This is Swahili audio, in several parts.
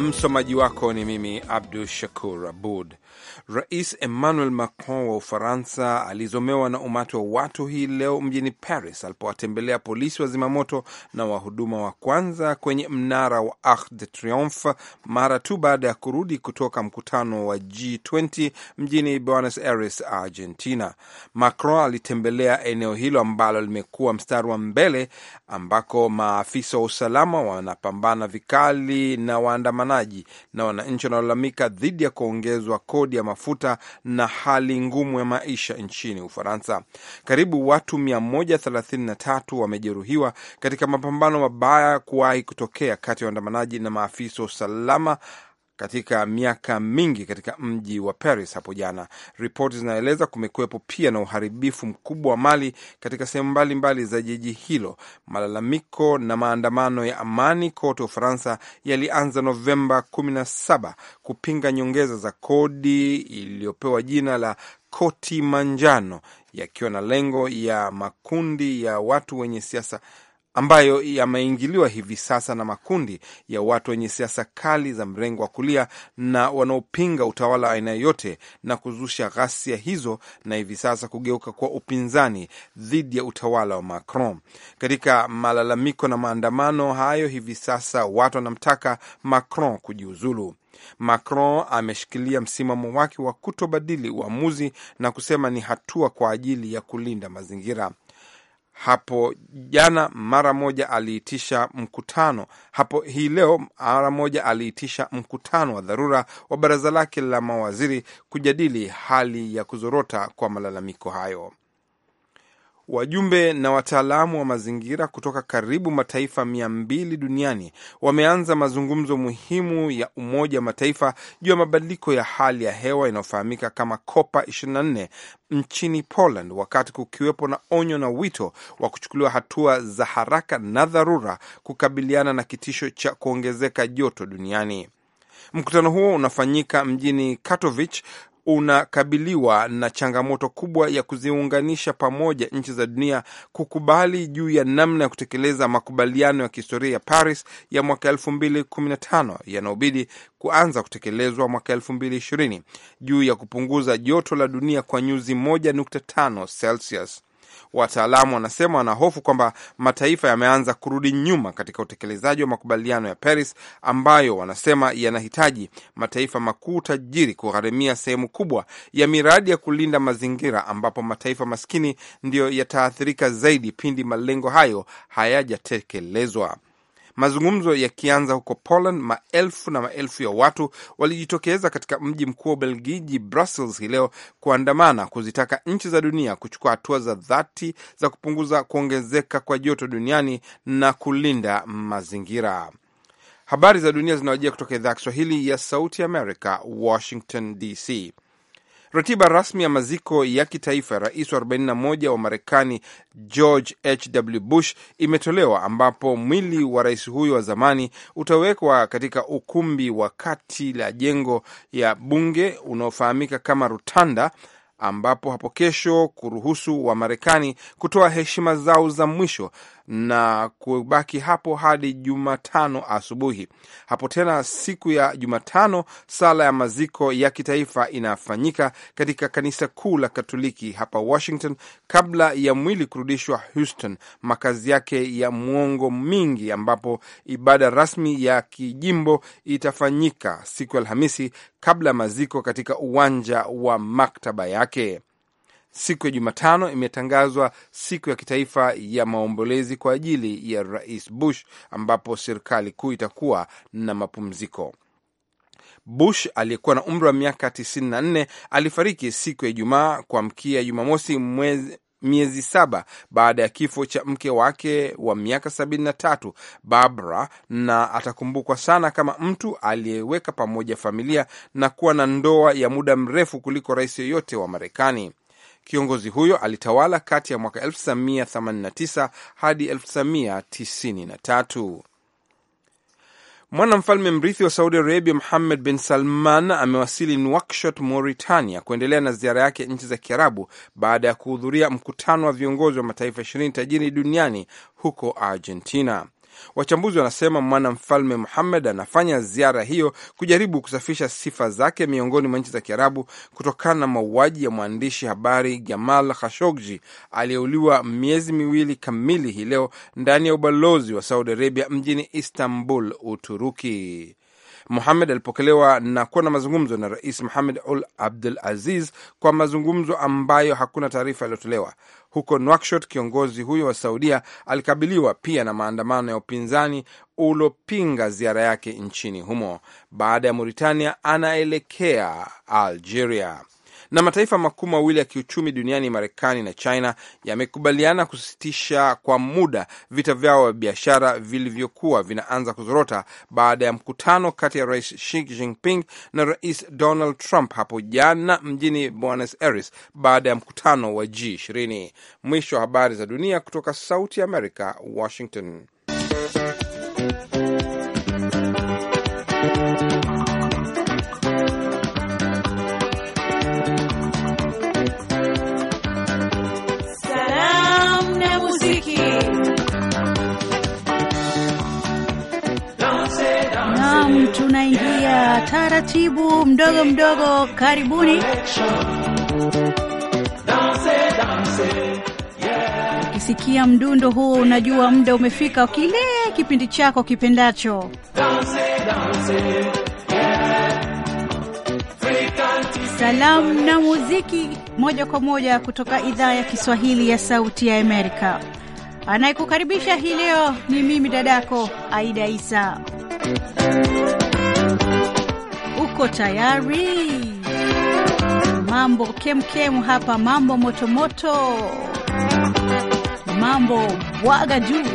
Msomaji wako ni mimi Abdu Shakur Abud. Rais Emmanuel Macron wa Ufaransa alizomewa na umati wa watu hii leo mjini Paris alipowatembelea polisi wa zimamoto na wahuduma wa kwanza kwenye mnara wa Arc de Triomphe mara tu baada ya kurudi kutoka mkutano wa G20 mjini Buenos Aires, Argentina. Macron alitembelea eneo hilo ambalo limekuwa mstari wa mbele ambako maafisa wa usalama wanapambana vikali na waandamanaji na wananchi wanaolalamika dhidi ya kuongezwa kodi ya mafuta na hali ngumu ya maisha nchini Ufaransa. Karibu watu 133 wamejeruhiwa katika mapambano mabaya kuwahi kutokea kati ya waandamanaji na maafisa wa usalama katika miaka mingi katika mji wa Paris hapo jana. Ripoti zinaeleza kumekuwepo pia na uharibifu mkubwa wa mali katika sehemu mbalimbali za jiji hilo. Malalamiko na maandamano ya amani kote Ufaransa yalianza Novemba 17 kupinga nyongeza za kodi iliyopewa jina la koti manjano, yakiwa na lengo ya makundi ya watu wenye siasa ambayo yameingiliwa hivi sasa na makundi ya watu wenye siasa kali za mrengo wa kulia na wanaopinga utawala wa aina yoyote na kuzusha ghasia hizo na hivi sasa kugeuka kwa upinzani dhidi ya utawala wa Macron. Katika malalamiko na maandamano hayo hivi sasa, watu wanamtaka Macron kujiuzulu. Macron ameshikilia msimamo wake wa kutobadili uamuzi na kusema ni hatua kwa ajili ya kulinda mazingira hapo jana mara moja aliitisha mkutano hapo hii leo mara moja aliitisha mkutano wa dharura wa baraza lake la mawaziri kujadili hali ya kuzorota kwa malalamiko hayo. Wajumbe na wataalamu wa mazingira kutoka karibu mataifa mia mbili duniani wameanza mazungumzo muhimu ya Umoja wa Mataifa juu ya mabadiliko ya hali ya hewa inayofahamika kama Kopa 24 nchini Poland, wakati kukiwepo na onyo na wito wa kuchukuliwa hatua za haraka na dharura kukabiliana na kitisho cha kuongezeka joto duniani. Mkutano huo unafanyika mjini Katowice, unakabiliwa na changamoto kubwa ya kuziunganisha pamoja nchi za dunia kukubali juu ya namna ya kutekeleza makubaliano ya kihistoria ya Paris ya mwaka elfu mbili kumi na tano yanayobidi kuanza kutekelezwa mwaka elfu mbili ishirini juu ya kupunguza joto la dunia kwa nyuzi tano Celsius. Wataalamu wanasema wanahofu kwamba mataifa yameanza kurudi nyuma katika utekelezaji wa makubaliano ya Paris ambayo wanasema yanahitaji mataifa makuu tajiri kugharimia sehemu kubwa ya miradi ya kulinda mazingira, ambapo mataifa maskini ndiyo yataathirika zaidi pindi malengo hayo hayajatekelezwa. Mazungumzo yakianza huko Poland, maelfu na maelfu ya watu walijitokeza katika mji mkuu wa belgiji Brussels, hii leo kuandamana kuzitaka nchi za dunia kuchukua hatua za dhati za kupunguza kuongezeka kwa joto duniani na kulinda mazingira. Habari za dunia zinawajia kutoka idhaa ya Kiswahili ya Sauti Amerika, Washington DC. Ratiba rasmi ya maziko ya kitaifa ya rais wa 41 wa Marekani George H.W. Bush imetolewa ambapo mwili wa rais huyo wa zamani utawekwa katika ukumbi wa kati la jengo ya bunge unaofahamika kama rutanda ambapo hapo kesho kuruhusu marekani kutoa heshima zao za mwisho na kubaki hapo hadi Jumatano asubuhi. Hapo tena siku ya Jumatano, sala ya maziko ya kitaifa inafanyika katika kanisa kuu la Katoliki hapa Washington, kabla ya mwili kurudishwa Houston, makazi yake ya mwongo mingi, ambapo ibada rasmi ya kijimbo itafanyika siku ya Alhamisi kabla ya maziko katika uwanja wa maktaba yake siku ya Jumatano imetangazwa siku ya kitaifa ya maombolezi kwa ajili ya Rais Bush, ambapo serikali kuu itakuwa na mapumziko. Bush aliyekuwa na umri wa miaka 94 alifariki siku ya Ijumaa kuamkia Jumamosi mwezi miezi saba baada ya kifo cha mke wake wa miaka sabini na tatu Barbara, na atakumbukwa sana kama mtu aliyeweka pamoja familia na kuwa na ndoa ya muda mrefu kuliko rais yoyote wa Marekani. Kiongozi huyo alitawala kati ya mwaka 1989 hadi 1993. Mwanamfalme mrithi wa Saudi Arabia Muhammad bin Salman amewasili nwakshot Mauritania, kuendelea na ziara yake nchi za Kiarabu baada ya kuhudhuria mkutano wa viongozi wa mataifa ishirini tajiri duniani huko Argentina. Wachambuzi wanasema mwanamfalme Muhammad anafanya ziara hiyo kujaribu kusafisha sifa zake miongoni mwa nchi za Kiarabu kutokana na mauaji ya mwandishi habari Jamal Khashoggi aliyeuliwa miezi miwili kamili hii leo ndani ya ubalozi wa Saudi Arabia mjini Istanbul, Uturuki. Muhamed alipokelewa na kuwa na mazungumzo na Rais muhamed Ul Abdul Aziz kwa mazungumzo ambayo hakuna taarifa yaliyotolewa Huko nwakshot kiongozi huyo wa Saudia alikabiliwa pia na maandamano ya upinzani uliopinga ziara yake nchini humo. Baada ya Mauritania, anaelekea Algeria. Na mataifa makuu mawili ya kiuchumi duniani, Marekani na China, yamekubaliana kusitisha kwa muda vita vyao vya biashara vilivyokuwa vinaanza kuzorota baada ya mkutano kati ya Rais Xi Jinping na Rais Donald Trump hapo jana mjini Buenos Aires, baada ya mkutano wa G20. Mwisho wa habari za dunia kutoka Sauti ya Amerika, Washington. taratibu mdogo mdogo. Karibuni ukisikia mdundo huo, unajua muda umefika, kile kipindi chako kipendacho Salamu na muziki moja kwa moja kutoka idhaa ya Kiswahili ya Sauti ya Amerika. Anayekukaribisha hii leo ni mimi dadako Aida Isa. Uko tayari? Mambo kemkem hapa, mambo motomoto moto. Mambo bwaga juu.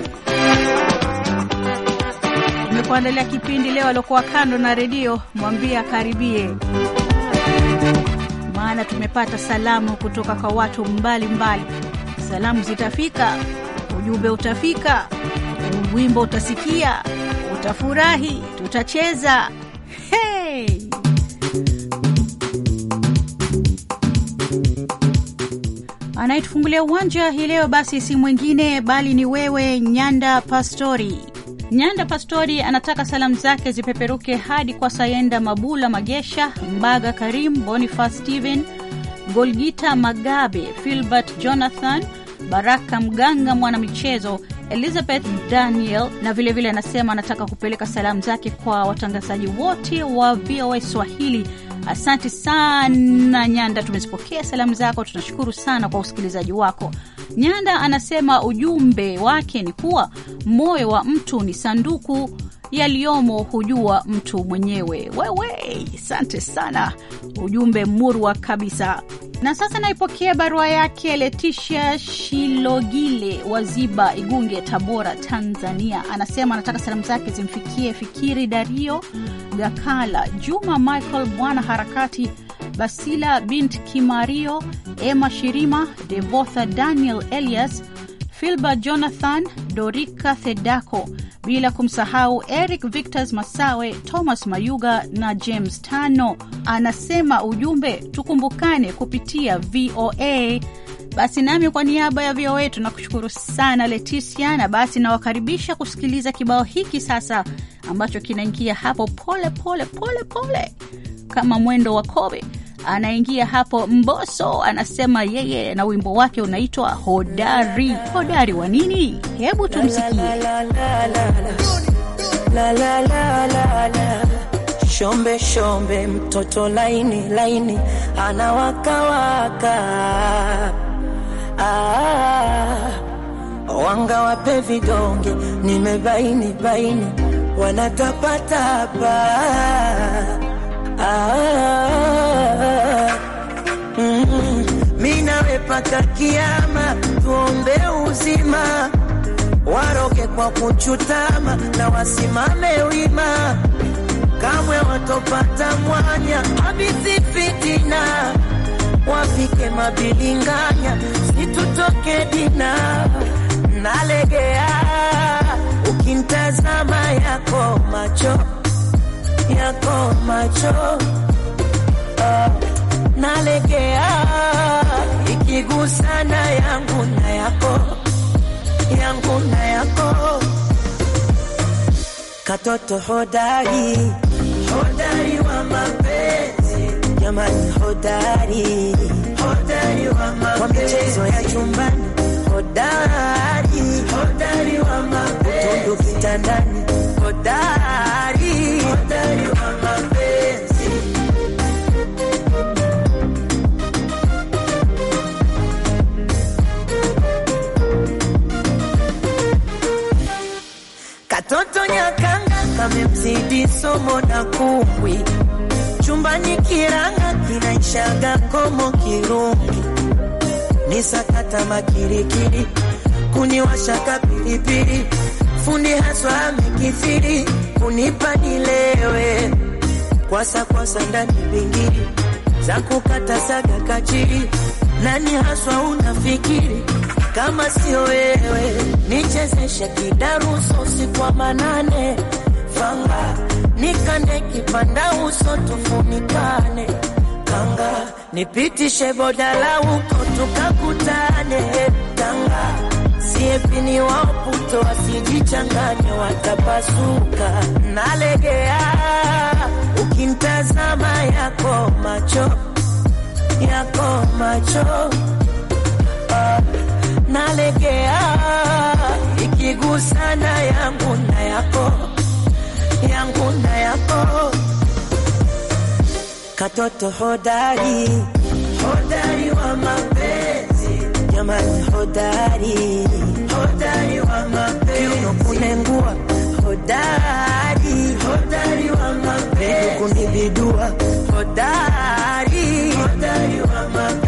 Umekuandalia kipindi leo, aliokuwa kando na redio mwambie akaribie, maana tumepata salamu kutoka kwa watu mbalimbali mbali. Salamu zitafika, ujumbe utafika, wimbo utasikia, utafurahi, tutacheza. Hey! Anayetufungulia uwanja hii leo basi si mwingine bali ni wewe Nyanda Pastori. Nyanda Pastori anataka salamu zake zipeperuke hadi kwa Sayenda Mabula Magesha, Mbaga Karim, Boniface stehen Golgita Magabe, Filbert Jonathan, Baraka Mganga mwanamichezo, Elizabeth Daniel na vilevile vile anasema anataka kupeleka salamu zake kwa watangazaji wote wa VOA Swahili Asante sana Nyanda, tumezipokea salamu zako, tunashukuru sana kwa usikilizaji wako. Nyanda anasema ujumbe wake ni kuwa moyo wa mtu ni sanduku yaliyomo hujua mtu mwenyewe. Wewe, asante sana, ujumbe murwa kabisa. Na sasa naipokea barua yake Letisha Shilogile Waziba, Igunge, Tabora, Tanzania. Anasema anataka salamu zake zimfikie Fikiri Dario Gakala, Juma Michael, bwana harakati Basila bint Kimario, Emma Shirima, Devotha Daniel Elias, Filba Jonathan, Dorika Thedako bila kumsahau Eric Victos Masawe, Thomas Mayuga na James Tano. Anasema ujumbe tukumbukane kupitia VOA. Basi nami kwa niaba ya VOA tunakushukuru sana Leticia, na basi nawakaribisha kusikiliza kibao hiki sasa ambacho kinaingia hapo pole pole pole pole kama mwendo wa kobe anaingia hapo Mboso anasema yeye na wimbo wake unaitwa Hodari. Hodari wa nini? Hebu tumsikie. Shombe shombe, mtoto laini laini, anawakawaka ah, wanga wape vidonge, nimebaini baini, wanatapatapa mi kiama, tuombe uzima, waroke kwa kuchutama na wasimame wima, kamwe watopata mwanya abisi fitina, wafike mabilinganya, situtoke dina nalegea, ukintazama yako macho yako macho uh, nalegea ikigusana yangu na yako yangu na yako katoto hodari hodari wa mapenzi jamani hodari hodari wa mapenzi kwa michezo ya chumbani kama kirikiri, kuniwasha kapilipili, fundi haswa amekithiri, kunipa nilewe kwasa kwasa ndani bingiri za kukata saga kachiri, nani haswa unafikiri kama sio wewe? Nichezeshe kidaruso siku manane fanga nikande kipanda uso tufunikane kanga nipitishe la huko tukakutane, Tanga siepini waputo wasijichanganye, watapasuka nalegea. ukintazama yako macho yako macho ah, nalegea ikigusana yangu na yako yangu na yako katoto hodari, hodari wa mapenzi jamani, hodari, hodari wa mapenzi kunengua, hodari, hodari wa mapenzi kunibidua, hodari, hodari wa mapenzi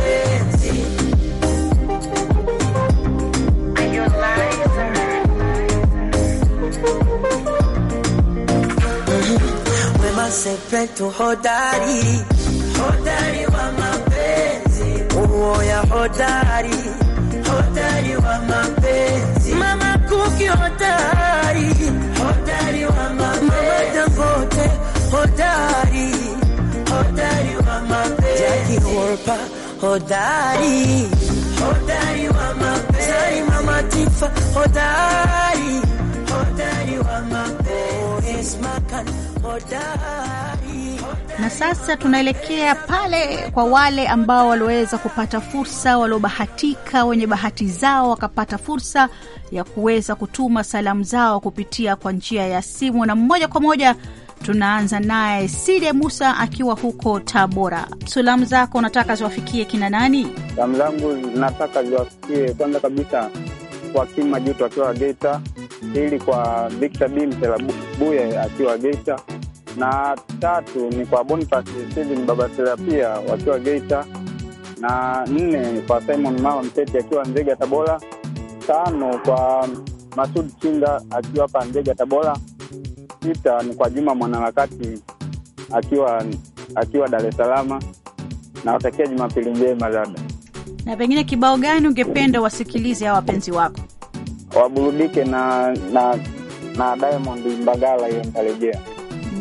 Sepetu hodari, hodari wa mapenzi, uoya hodari, hodari wa mapenzi, Mama Kuki hodari, hodari wa mapenzi, Mama Dangote hodari, hodari wa mapenzi, Jackie Wolper hodari, hodari wa mapenzi, Zarima Matifa hodari, hodari wa mapenzi, Esma na sasa tunaelekea pale kwa wale ambao walioweza kupata fursa, waliobahatika, wenye bahati zao wakapata fursa ya kuweza kutuma salamu zao kupitia kwa njia ya simu, na moja kwa moja tunaanza naye Side Musa akiwa huko Tabora. Salamu zako unataka ziwafikie kina nani? Salamu zangu nataka ziwafikie kwanza kabisa kwa kimajuto akiwa Geita, pili kwa Victor B akiwa Geita na tatu ni kwa Boniface Steven Babasela pia wakiwa Geita, na nne kwa Simon Mao mteti akiwa Nzega Tabora, tano kwa Masud Chinda akiwa hapa Nzega Tabora, sita ni kwa Juma mwanaharakati akiwa akiwa Dar es Salaam. Nawatakia Jumapili njema. dada. na pengine kibao gani ungependa wasikilize hawa wapenzi wako waburudike na na na Diamond Mbagala, hiyo nitarejea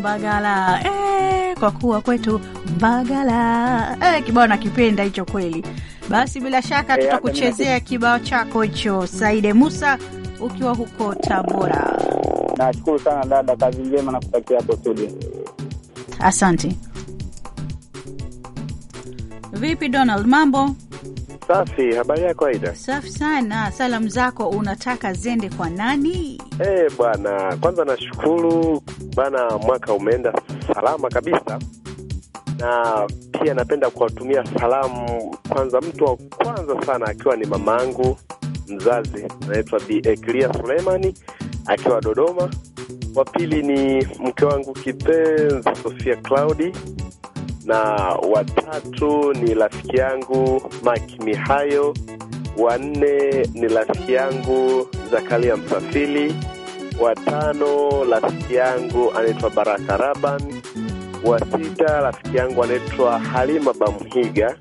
Mbagala e, kwa kuwa kwetu Mbagala e, kibao nakipenda hicho kweli. Basi bila shaka eh, tutakuchezea kibao chako hicho, Saide Musa, ukiwa huko Tabora. Nashukuru sana dada, kazi njema na kutakia hapo studio. Asante. Vipi Donald, mambo Safi, habari yako Aida? Safi sana. Salamu zako unataka zende kwa nani? Hey, bwana, kwanza nashukuru bana mwaka umeenda salama kabisa, na pia napenda kuwatumia salamu. Kwanza mtu wa kwanza sana akiwa ni angu mzazi, anaitwa Bi Eklia Sulemani akiwa Dodoma. Wa pili ni mke wangu kipenzi Sofia Claudi na watatu ni rafiki yangu Maki Mihayo, wanne ni rafiki yangu Zakaria Msafili, watano rafiki yangu anaitwa Baraka Raban, wa sita rafiki yangu anaitwa Halima Bamhiga,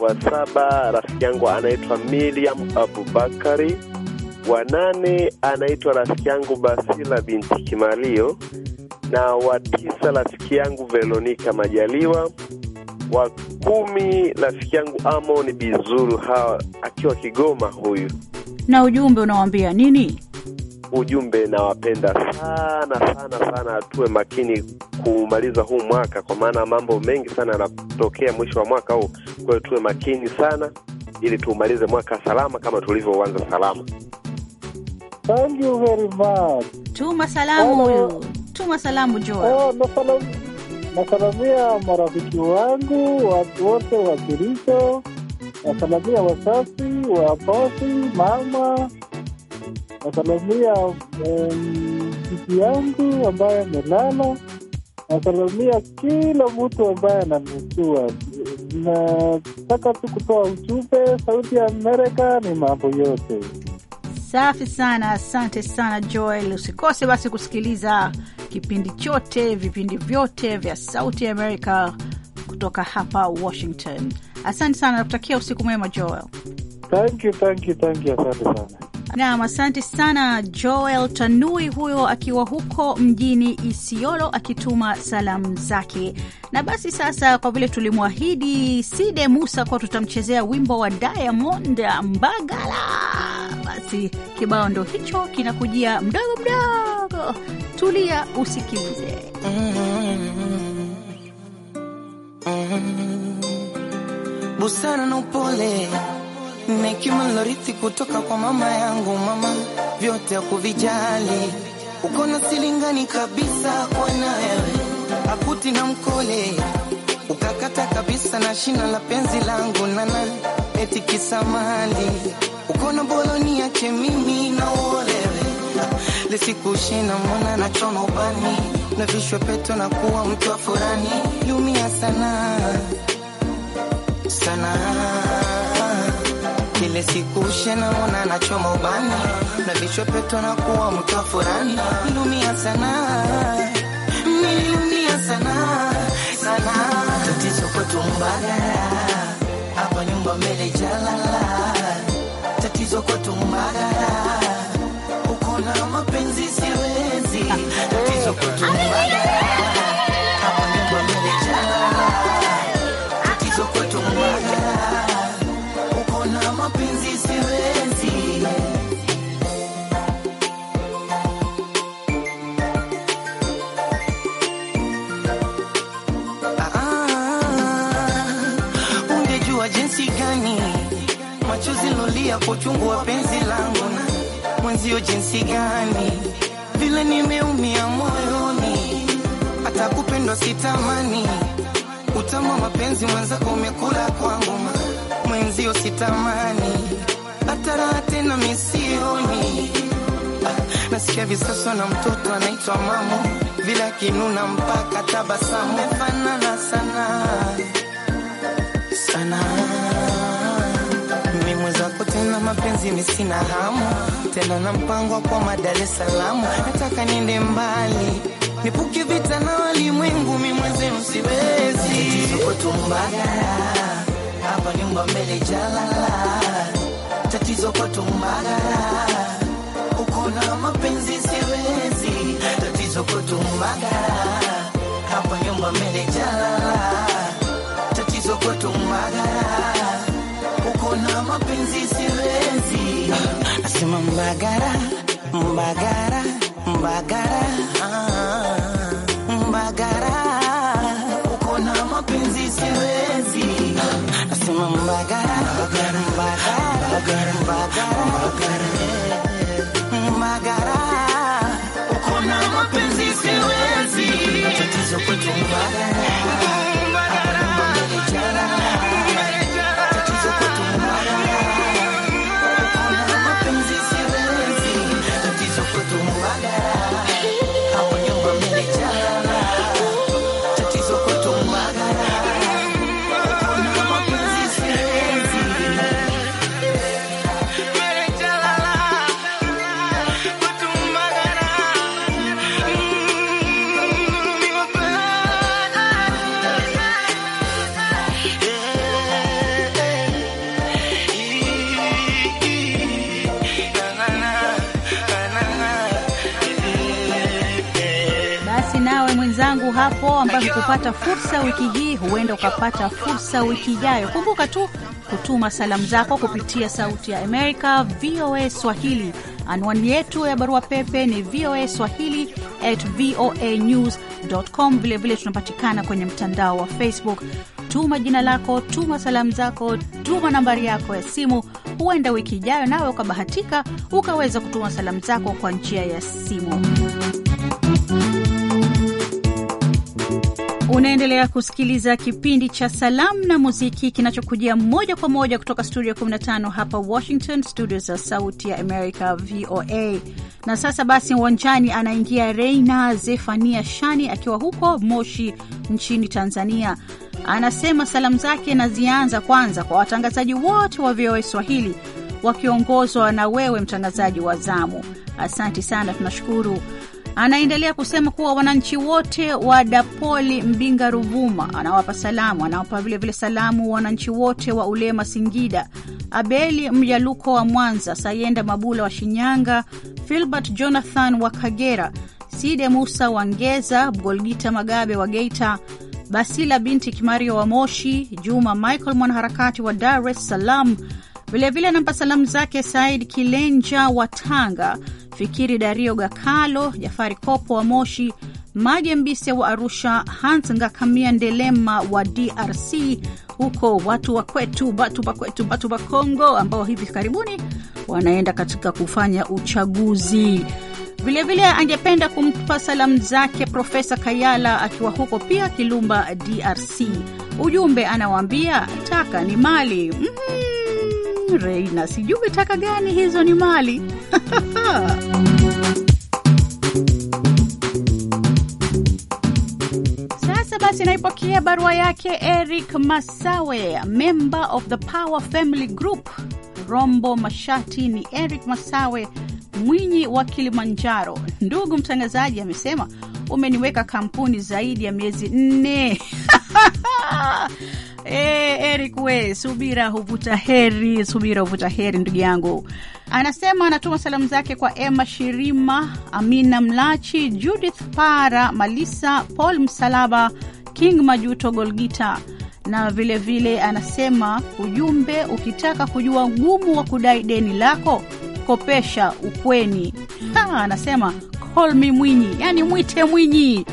wa saba rafiki yangu anaitwa Miriam Abubakari, wa nane anaitwa rafiki yangu Basila binti Kimalio na wa tisa rafiki yangu Veronica Majaliwa, wa kumi rafiki yangu Amon Bizuru hawa akiwa Kigoma huyu. Na ujumbe unawaambia nini? Ujumbe nawapenda sana sana sana, tuwe makini kumaliza huu mwaka, kwa maana mambo mengi sana yanatokea mwisho wa mwaka huu. Kwa hiyo tuwe makini sana, ili tuumalize mwaka salama kama tulivyouanza salama. Thank you very much. Tuma salamu huyu Tuma salamu Joa. Ah, nasalamia marafiki wangu watu wote wa Kiricho, nasalamia wasasi waposi, mama, nasalamia sisi yangu ambaye amelala, nasalamia kila mtu ambaye ananijua. Nataka tu kutoa ujumbe, Sauti ya Amerika ni mambo yote. Safi sana, asante sana Joel. Usikose basi kusikiliza kipindi chote, vipindi vyote vya Sauti Amerika kutoka hapa Washington. Asante sana, nakutakia usiku mwema Joel. Thank you, thank you, thank you. Asante sana. asante sana Joel Tanui, huyo akiwa huko mjini Isiolo akituma salamu zake. Na basi sasa, kwa vile tulimwahidi Side Musa kuwa tutamchezea wimbo wa Diamond Mbagala basi kibao ndo hicho kinakujia mdogo mdogo, tulia usikiuze. Busara na upole na hekima nilorithi kutoka kwa mama yangu, mama vyote akuvijali, uko na silingani kabisa kwa nawe, akuti na mkole ukakata kabisa na shina la penzi langu nana eti kisamali ukona boloni yache mimi na uolewe lisikushinda mwana na chono ubani na vishwe peto na kuwa mtu wa furani liumia sana sana ile siku shena mwana na choma ubani na vishwe peto na kuwa mtu wa furani liumia sana niliumia sana sana tatizo kwetu mbagala, hapa nyumba mbele jalala, tatizo kwetu mbagala, uko na mapenzi siwezi, tatizo kwetu mbagala ya kuchungua penzi langu na mwenzio jinsi gani, vile nimeumia moyoni, hata kupendwa sitamani. utamwa mapenzi mwenzako umekula kwangu, mwenzio sitamani, hata raha tena misioni. nasikia visoso na mtoto anaitwa mamo, vile akinuna mpaka tabasamu, mefanana sana sana ni mwenzako tena, mapenzi mi sina hamu tena, na mpango kwa madare salamu, nataka niende mbali, nipuke vita na walimwengu, mi mwenzenu siwezi hapa nyumba mbele jalala, tatizo kwa tumbagara, uko na mapenzi siwezi, tatizo kwa tumbagara, hapa nyumba mbele jalala, tatizo kwa tumbagara Mbagara, Mbagara, Mbagara, ah, Mbagara, uko na mapenzi siwezi, nasema Mbagara, Mbagara, Mbagara, Mbagara, Mbagara, uko na mapenzi siwezi, tatizo kwetu Mbagara tangu hapo ambavyo kupata fursa wiki hii huenda ukapata fursa wiki ijayo. Kumbuka tu kutuma salamu zako kupitia Sauti ya Amerika, VOA Swahili. Anwani yetu ya barua pepe ni VOA Swahili at VOA news com. Vilevile tunapatikana kwenye mtandao wa Facebook. Tuma jina lako, tuma salamu zako, tuma nambari yako ya simu. Huenda wiki ijayo nawe ukabahatika ukaweza kutuma salamu zako kwa njia ya simu. Unaendelea kusikiliza kipindi cha Salamu na Muziki kinachokujia moja kwa moja kutoka studio 15 hapa Washington, studio za Sauti ya america VOA. Na sasa basi, uwanjani anaingia Reina Zefania Shani akiwa huko Moshi nchini Tanzania. Anasema salamu zake nazianza kwanza kwa watangazaji wote wa VOA Swahili wakiongozwa na wewe mtangazaji wa zamu. Asante sana, tunashukuru. Anaendelea kusema kuwa wananchi wote wa Dapoli Mbinga Ruvuma anawapa salamu, anawapa vilevile salamu wananchi wote wa Ulema Singida, Abeli Mjaluko wa Mwanza, Sayenda Mabula wa Shinyanga, Filbert Jonathan wa Kagera, Side Musa wa Ngeza, Golgita Magabe wa Geita, Basila binti Kimario wa Moshi, Juma Michael mwanaharakati wa Dar es Salaam Vilevile anampa salamu zake Said Kilenja wa Tanga, Fikiri Dario Gakalo, Jafari Kopo wa Moshi, Maje Mbise wa Arusha, Hans Ngakamia Ndelema wa DRC, huko watu wa kwetu batu ba kwetu batu ba Kongo ambao hivi karibuni wanaenda katika kufanya uchaguzi. Vilevile angependa kumpa salamu zake Profesa Kayala akiwa huko pia Kilumba, DRC. Ujumbe anawaambia taka ni mali mm -hmm. Reina, sijui taka gani hizo, ni mali Basi naipokea barua yake Eric Masawe, member of the Power Family Group. Rombo mashati ni Eric Masawe Mwinyi wa Kilimanjaro. Ndugu mtangazaji, amesema umeniweka kampuni zaidi ya miezi nne E, Eric we, subira huvuta heri, subira huvuta heri, ndugu yangu. Anasema anatuma salamu zake kwa Emma Shirima, Amina Mlachi, Judith Para, Malisa Paul Msalaba, King Majuto, Golgita na vilevile vile, anasema ujumbe, ukitaka kujua ngumu wa kudai deni lako kopesha ukweni. Ha, anasema call me Mwinyi, yani mwite Mwinyi.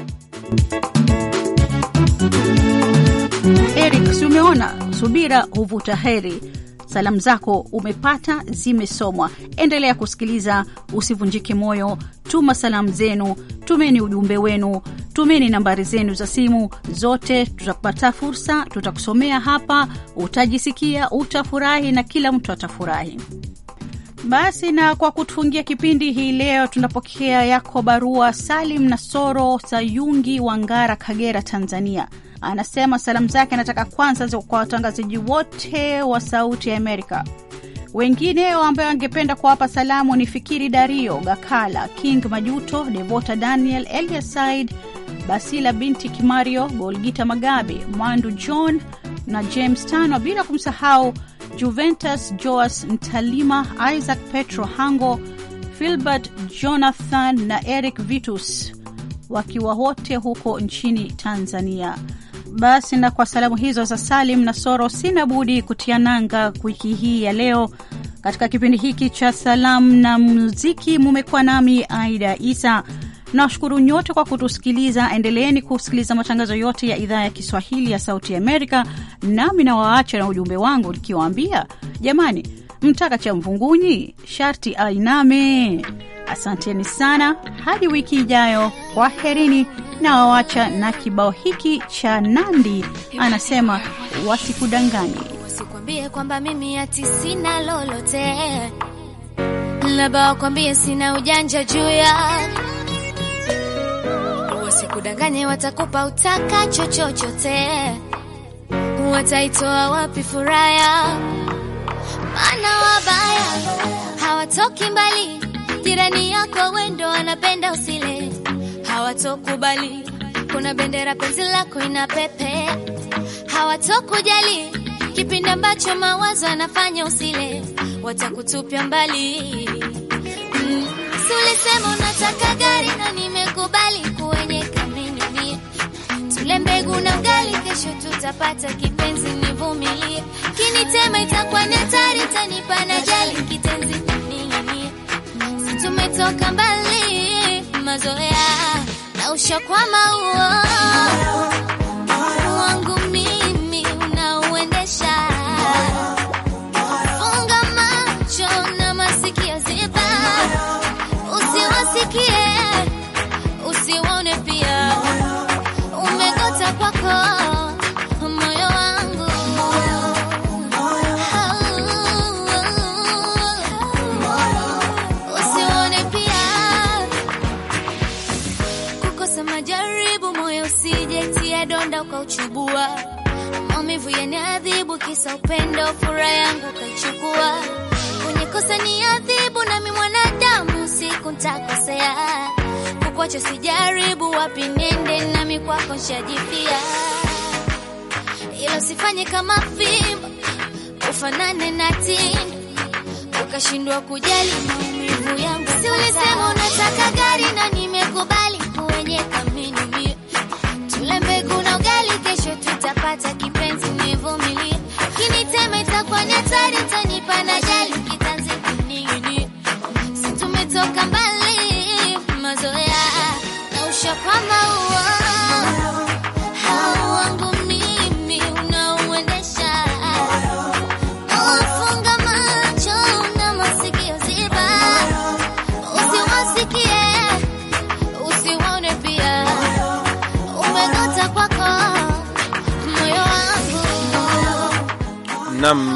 Basi umeona subira huvuta heri. Salamu zako umepata zimesomwa. Endelea kusikiliza, usivunjike moyo. Tuma salamu zenu, tumeni ujumbe wenu, tumeni nambari zenu za simu zote, tutapata fursa, tutakusomea hapa. Utajisikia, utafurahi na kila mtu atafurahi. Basi na kwa kutufungia kipindi hii leo, tunapokea yako barua Salim Nasoro Sayungi wa Ngara, Kagera, Tanzania. Anasema salamu zake anataka kwanza kwa watangazaji wote wa Sauti ya Amerika. Wengineo ambayo angependa kuwapa salamu ni Fikiri Dario, Gakala King, Majuto Devota, Daniel Elia, Said Basila, binti Kimario, Golgita Magabe, Mwandu John na James Tano, bila kumsahau Juventus Joas Ntalima, Isaac Petro Hango, Filbert Jonathan na Eric Vitus, wakiwa wote huko nchini Tanzania. Basi na kwa salamu hizo za Salim na Soro, sina budi kutia nanga wiki hii ya leo. Katika kipindi hiki cha salamu na muziki, mumekuwa nami Aida Isa. Nawashukuru nyote kwa kutusikiliza. Endeleeni kusikiliza matangazo yote ya idhaa ya Kiswahili ya Sauti Amerika, nami nawaacha na ujumbe wangu nikiwaambia, jamani, mtaka cha mvungunyi sharti ainame. Asanteni sana, hadi wiki ijayo, kwaherini. Na wawacha na kibao hiki cha Nandi anasema wasikudanganye, wasikwambie kwamba mimi ati sina lolote, labda wakwambie sina ujanja juu ya wasikudanganye, watakupa utaka chochochote wataitoa wapi furaya? Maana wabaya hawatoki mbali Jirani yako wendo anapenda usile, hawatokubali. Kuna bendera penzi lako inapepea, hawatokujali. Kipindi ambacho mawazo anafanya usile, watakutupia mbali. Mm. Si ulisema unataka gari na nimekubali kwenye kamini umeniumia. Tule mbegu na ugali, kesho tutapata kipenzi, nivumilie. Kinitema itakuwa na ni hatari, na jali kita kutoka mbali, mazoea na ushakwama huo kisa upendo, furaha yangu kaichukua, kunikosa ni adhibu, nami mwanadamu siku ntakosea, kukwacha sijaribu, wapi nende, nami kwako nshajipia, ila usifanye kama fimba, ufanane na tindo, ukashindwa kujali maumivu yangu. Si ulisema unataka gari na nimekubali, kuwenye kamini mio tule mbegu na ugali, kesho tutapata kipa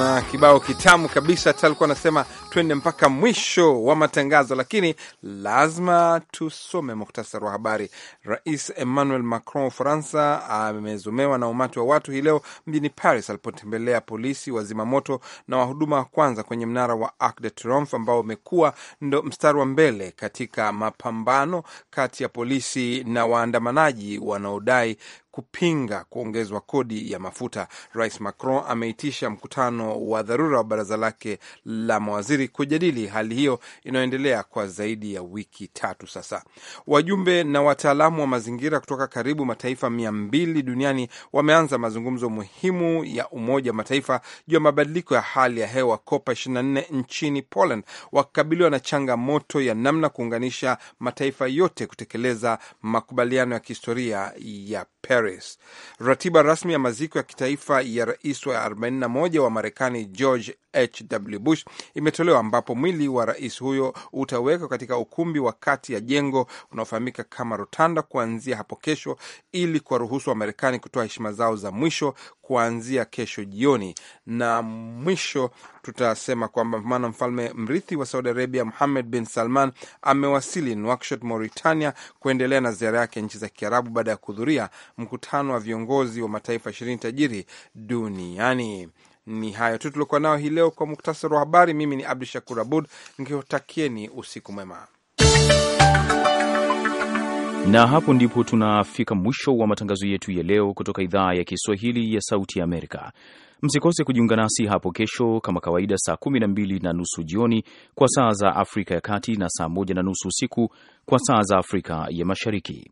na kibao kitamu kabisa. Hata alikuwa anasema twende mpaka mwisho wa matangazo, lakini lazima tusome muktasari wa habari. Rais Emmanuel Macron Ufaransa amezomewa na umati wa watu hii leo mjini Paris alipotembelea polisi, wazimamoto na wahuduma wa kwanza kwenye mnara wa Arc de Triomphe ambao umekuwa ndo mstari wa mbele katika mapambano kati ya polisi na waandamanaji wanaodai kupinga kuongezwa kodi ya mafuta. Rais Macron ameitisha mkutano wa dharura wa baraza lake la mawaziri kujadili hali hiyo inayoendelea kwa zaidi ya wiki tatu sasa. Wajumbe na wataalamu wa mazingira kutoka karibu mataifa mia mbili duniani wameanza mazungumzo muhimu ya Umoja wa Mataifa juu ya mabadiliko ya hali ya hewa COPA 24 nchini Poland, wakikabiliwa na changamoto ya namna kuunganisha mataifa yote kutekeleza makubaliano ya kihistoria ya Paris. Paris. Ratiba rasmi ya maziko ya kitaifa ya rais wa 41 wa Marekani George HW Bush imetolewa ambapo mwili wa rais huyo utawekwa katika ukumbi wa kati ya jengo unaofahamika kama Rotanda kuanzia hapo kesho, ili kuwaruhusu Wamarekani kutoa heshima zao za mwisho kuanzia kesho jioni. Na mwisho tutasema kwamba maana mfalme mrithi wa Saudi Arabia Muhamed bin Salman amewasili Nuakshot, Mauritania, kuendelea na ziara yake nchi za Kiarabu baada ya kuhudhuria mkutano wa viongozi wa mataifa ishirini tajiri duniani. Ni hayo tu tuliokuwa nayo hii leo kwa muktasari wa habari. Mimi ni Abdu Shakur Abud nikiwatakieni usiku mwema. Na hapo ndipo tunafika mwisho wa matangazo yetu ya leo kutoka idhaa ya Kiswahili ya Sauti ya Amerika. Msikose kujiunga nasi hapo kesho kama kawaida, saa 12 na nusu jioni kwa saa za Afrika ya Kati na saa moja na nusu usiku kwa saa za Afrika ya Mashariki.